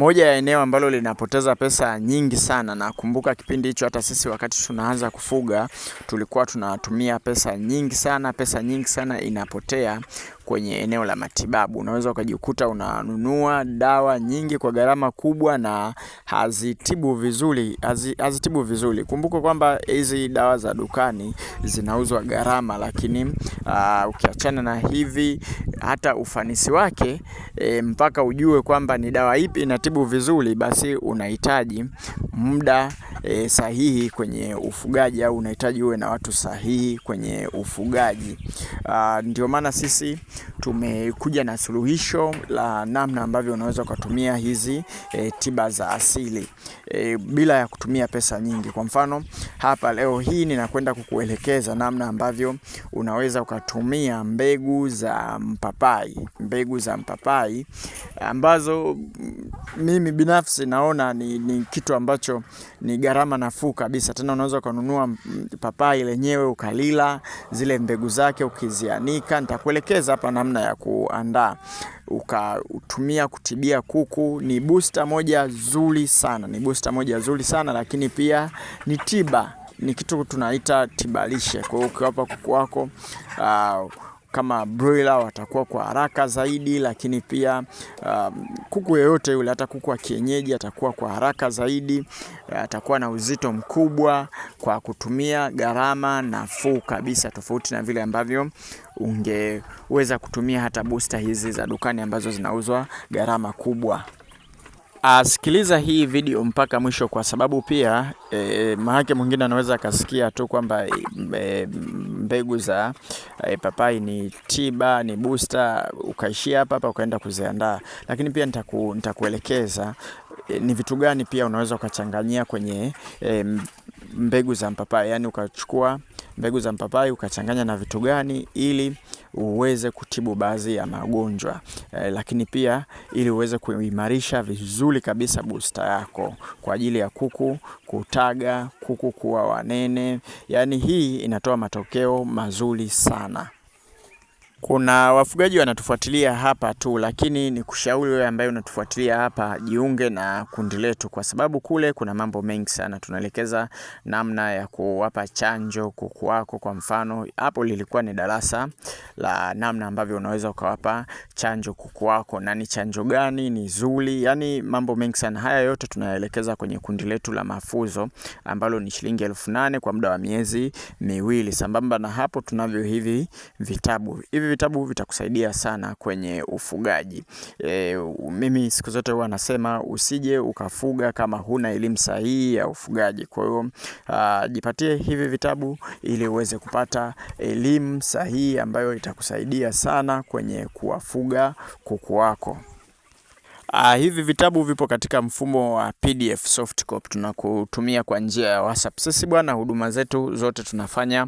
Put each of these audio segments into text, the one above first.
moja ya eneo ambalo linapoteza pesa nyingi sana. Nakumbuka kipindi hicho, hata sisi wakati tunaanza kufuga tulikuwa tunatumia pesa nyingi sana, pesa nyingi sana inapotea kwenye eneo la matibabu. Unaweza ukajikuta unanunua dawa nyingi kwa gharama kubwa na hazitibu vizuri, hazitibu vizuri. Kumbuka kwamba hizi dawa za dukani zinauzwa gharama, lakini uh, ukiachana na hivi, hata ufanisi wake e, mpaka ujue kwamba ni dawa ipi inatibu vizuri, basi unahitaji muda e, sahihi kwenye ufugaji au unahitaji uwe na watu sahihi kwenye ufugaji. Uh, ndio maana sisi tumekuja na suluhisho la namna ambavyo unaweza ukatumia hizi e, tiba za asili e, bila ya kutumia pesa nyingi. Kwa mfano hapa leo hii ninakwenda kukuelekeza namna ambavyo unaweza ukatumia mbegu za mpapai, mbegu za mpapai ambazo mimi binafsi naona ni, ni kitu ambacho ni gharama nafuu kabisa. Tena unaweza ukanunua papai lenyewe ukalila, zile mbegu zake ukizianika. Nitakuelekeza hapa kwa namna ya kuandaa ukatumia kutibia kuku. Ni booster moja zuri sana, ni booster moja zuri sana lakini pia ni tiba, ni kitu tunaita tibalishe. Kwa hiyo ukiwapa kuku wako uh, kama broiler watakuwa kwa haraka zaidi, lakini pia um, kuku yoyote yule, hata kuku wa kienyeji atakuwa kwa haraka zaidi, atakuwa na uzito mkubwa kwa kutumia gharama nafuu kabisa, tofauti na vile ambavyo ungeweza kutumia hata booster hizi za dukani ambazo zinauzwa gharama kubwa asikiliza ah, hii video mpaka mwisho, kwa sababu pia e, eh, mahake mwingine anaweza akasikia tu kwamba e, mbegu za e, papai ni tiba, ni booster, ukaishia hapa hapa ukaenda kuziandaa, lakini pia nitaku, nitakuelekeza e, ni vitu gani pia unaweza ukachanganyia kwenye e, mbegu za mpapai, yani ukachukua mbegu za mpapai ukachanganya na vitu gani ili uweze kutibu baadhi ya magonjwa eh, lakini pia ili uweze kuimarisha vizuri kabisa busta yako kwa ajili ya kuku kutaga, kuku kuwa wanene. Yaani hii inatoa matokeo mazuri sana. Kuna wafugaji wanatufuatilia hapa tu, lakini ni kushauri wewe ambaye unatufuatilia hapa, jiunge na kundi letu, kwa sababu kule kuna mambo mengi sana. Tunaelekeza namna ya kuwapa chanjo kuku wako. Kwa mfano, hapo lilikuwa ni darasa la namna ambavyo unaweza ukawapa chanjo kuku wako, na ni chanjo gani ni nzuri, yani mambo mengi sana. Haya yote tunaelekeza kwenye kundi letu la mafuzo ambalo ni shilingi elfu nane kwa muda wa miezi miwili. Sambamba na hapo tunavyo hivi vitabu hivi vitabu vitakusaidia sana kwenye ufugaji. E, mimi siku zote huwa nasema usije ukafuga kama huna elimu sahihi ya ufugaji. Kwa hiyo jipatie hivi vitabu ili uweze kupata elimu sahihi ambayo itakusaidia sana kwenye kuwafuga kuku wako. Uh, hivi vitabu vipo katika mfumo wa PDF soft copy, tunakutumia kwa njia ya WhatsApp. Sisi bwana, huduma zetu zote tunafanya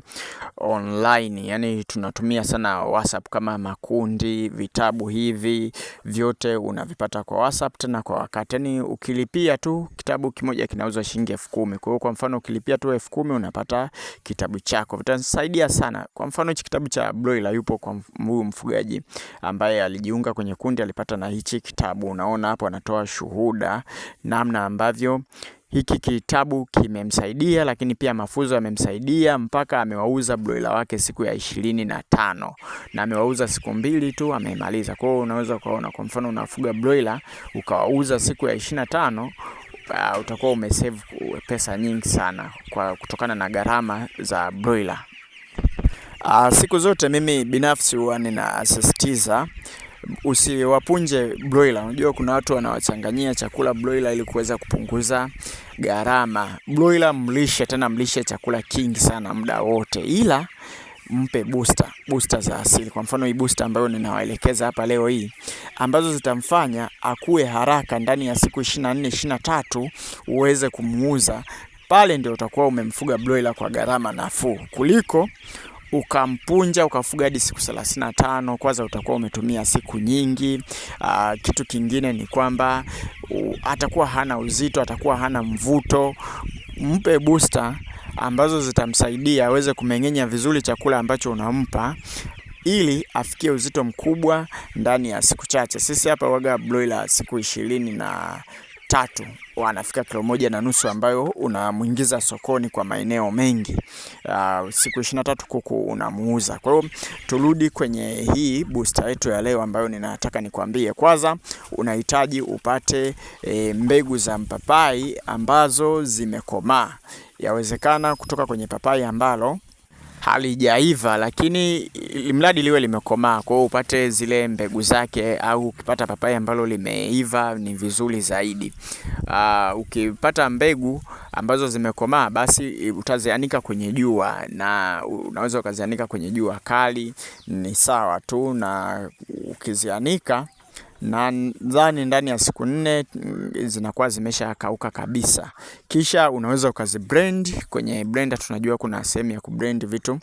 online, yani tunatumia sana WhatsApp kama makundi. Vitabu hivi vyote unavipata kwa WhatsApp, tena kwa wakati. Yani ukilipia tu kitabu kimoja kinauzwa shilingi elfu kumi. Kwa hiyo kwa mfano ukilipia tu elfu kumi unapata kitabu chako, vitasaidia sana. Kwa mfano hichi kitabu cha Broiler, yupo kwa huyu mfugaji ambaye alijiunga kwenye kundi, alipata na hichi kitabu una tunaona hapo anatoa shuhuda namna ambavyo hiki kitabu kimemsaidia, lakini pia mafunzo yamemsaidia mpaka amewauza broila wake siku ya ishirini na tano na amewauza siku mbili tu amemaliza. Kwa hiyo unaweza ukaona, kwa mfano unafuga broila ukawauza siku ya ishirini na tano uh, utakuwa umesave pesa nyingi sana kwa kutokana na gharama za broiler. Uh, siku zote mimi binafsi huwa ninasisitiza usiwapunje broiler. Unajua kuna watu wanawachanganyia chakula broiler ili kuweza kupunguza gharama. Broiler mlishe, tena mlishe chakula kingi sana muda wote, ila mpe booster, booster za asili. Kwa mfano hii booster ambayo ninawaelekeza hapa leo hii, ambazo zitamfanya akue haraka ndani ya siku 24 23, uweze kumuuza pale, ndio utakuwa umemfuga broiler kwa gharama nafuu kuliko ukampunja ukafuga hadi siku 35, kwanza utakuwa umetumia siku nyingi. Aa, ah, kitu kingine ni kwamba atakuwa hana uzito, atakuwa hana mvuto. Mpe booster ambazo zitamsaidia aweze kumeng'enya vizuri chakula ambacho unampa ili afikie uzito mkubwa ndani ya siku chache. Sisi hapa waga broiler siku ishirini na tatu wanafika kilo moja na nusu ambayo unamuingiza sokoni kwa maeneo mengi. Uh, siku 23 kuku unamuuza. Kwa hiyo turudi kwenye hii booster yetu ya leo ambayo ninataka nikwambie. Kwanza unahitaji upate e, mbegu za mpapai ambazo zimekomaa, yawezekana kutoka kwenye papai ambalo halijaiva, lakini mradi liwe limekomaa. Kwa hiyo upate zile mbegu zake, au ukipata papai ambalo limeiva ni vizuri zaidi. Uh, ukipata mbegu ambazo zimekomaa, basi utazianika kwenye jua, na unaweza ukazianika kwenye jua kali, ni sawa tu, na ukizianika nadhani ndani ya siku nne mm, zinakuwa zimesha kauka kabisa. Kisha unaweza ukazi blend kwenye blender, tunajua kuna sehemu ya kublend vitu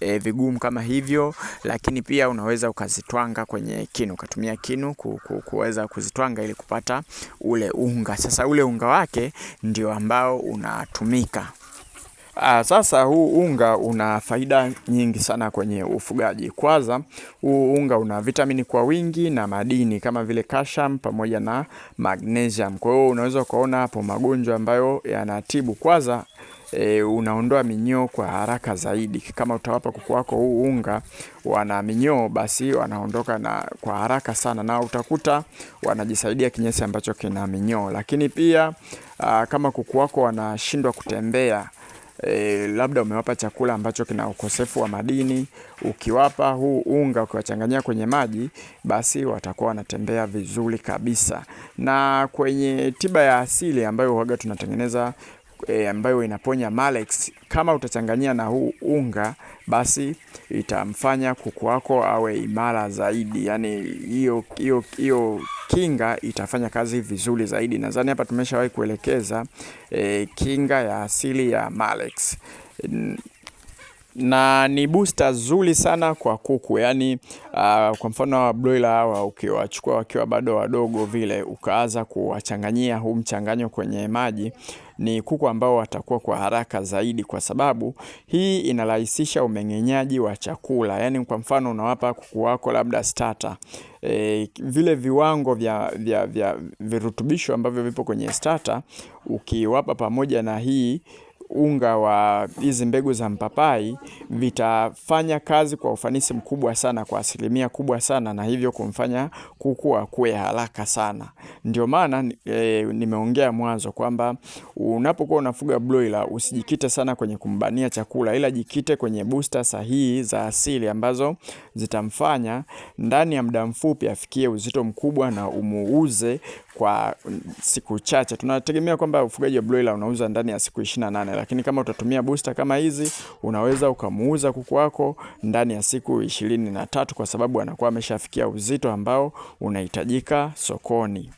e, vigumu kama hivyo, lakini pia unaweza ukazitwanga kwenye kinu, ukatumia kinu ku, ku, kuweza kuzitwanga ili kupata ule unga. Sasa ule unga wake ndio ambao unatumika. Aa, ah, sasa huu unga una faida nyingi sana kwenye ufugaji. Kwanza, huu unga una vitamini kwa wingi na madini kama vile calcium pamoja na magnesium. Kwa hiyo unaweza ukaona hapo magonjwa ambayo yanatibu. Kwanza E, unaondoa minyoo kwa haraka zaidi. Kama utawapa kuku wako huu unga wana minyoo, basi wanaondoka na kwa haraka sana, na utakuta wanajisaidia kinyesi ambacho kina minyoo. Lakini pia aa, ah, kama kuku wako wanashindwa kutembea e, labda umewapa chakula ambacho kina ukosefu wa madini. Ukiwapa huu unga ukiwachanganyia kwenye maji, basi watakuwa wanatembea vizuri kabisa. Na kwenye tiba ya asili ambayo huaga tunatengeneza E, ambayo inaponya malex kama utachanganyia na huu unga basi itamfanya kuku wako awe imara zaidi. Yani hiyo hiyo hiyo kinga itafanya kazi vizuri zaidi. Nadhani hapa tumeshawahi kuelekeza e, kinga ya asili ya Malex na ni booster zuri sana kwa kuku yani, uh, kwa mfano wa broiler hawa ukiwachukua wakiwa bado wadogo vile, ukaanza kuwachanganyia huu mchanganyo kwenye maji ni kuku ambao watakuwa kwa haraka zaidi, kwa sababu hii inarahisisha umeng'enyaji wa chakula. Yaani kwa mfano unawapa kuku wako labda starter E, vile viwango vya, vya, vya virutubisho ambavyo vipo kwenye starter ukiwapa pamoja na hii unga wa hizi mbegu za mpapai vitafanya kazi kwa ufanisi mkubwa sana, kwa asilimia kubwa sana, na hivyo kumfanya kuku akue haraka sana. Ndio maana e, nimeongea mwanzo kwamba unapokuwa unafuga broiler usijikite sana kwenye kumbania chakula, ila jikite kwenye booster sahihi za asili ambazo zitamfanya ndani ya muda mfupi afikie uzito mkubwa na umuuze kwa siku chache. Tunategemea kwamba ufugaji wa broiler unauza ndani ya siku 28 lakini kama utatumia booster kama hizi unaweza ukamuuza kuku wako ndani ya siku ishirini na tatu kwa sababu anakuwa ameshafikia uzito ambao unahitajika sokoni.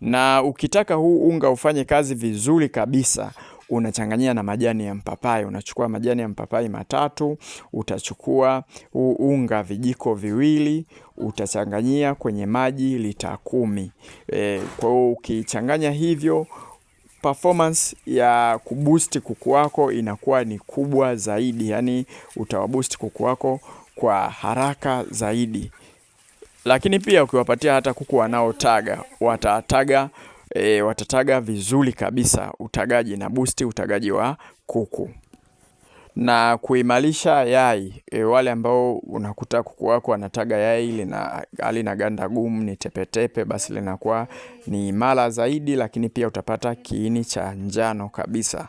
Na ukitaka huu unga ufanye kazi vizuri kabisa unachanganyia na majani ya mpapai. Unachukua majani ya mpapai matatu, utachukua huu unga vijiko viwili, utachanganyia kwenye maji lita kumi. E, kwa hiyo ukichanganya hivyo performance ya kuboost kuku wako inakuwa ni kubwa zaidi, yaani utawaboost kuku wako kwa haraka zaidi. Lakini pia ukiwapatia hata kuku wanaotaga watataga, e, watataga vizuri kabisa utagaji na boost utagaji wa kuku na kuimarisha yai e, wale ambao unakuta kuku wako anataga yai lina halina ganda gumu, ni tepetepe, basi linakuwa ni imara zaidi, lakini pia utapata kiini cha njano kabisa.